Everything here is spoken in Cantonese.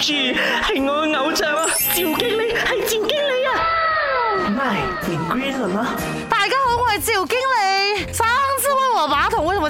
G，係我嘅偶像啊，趙經理係趙經理啊，My Green 啦，大家好。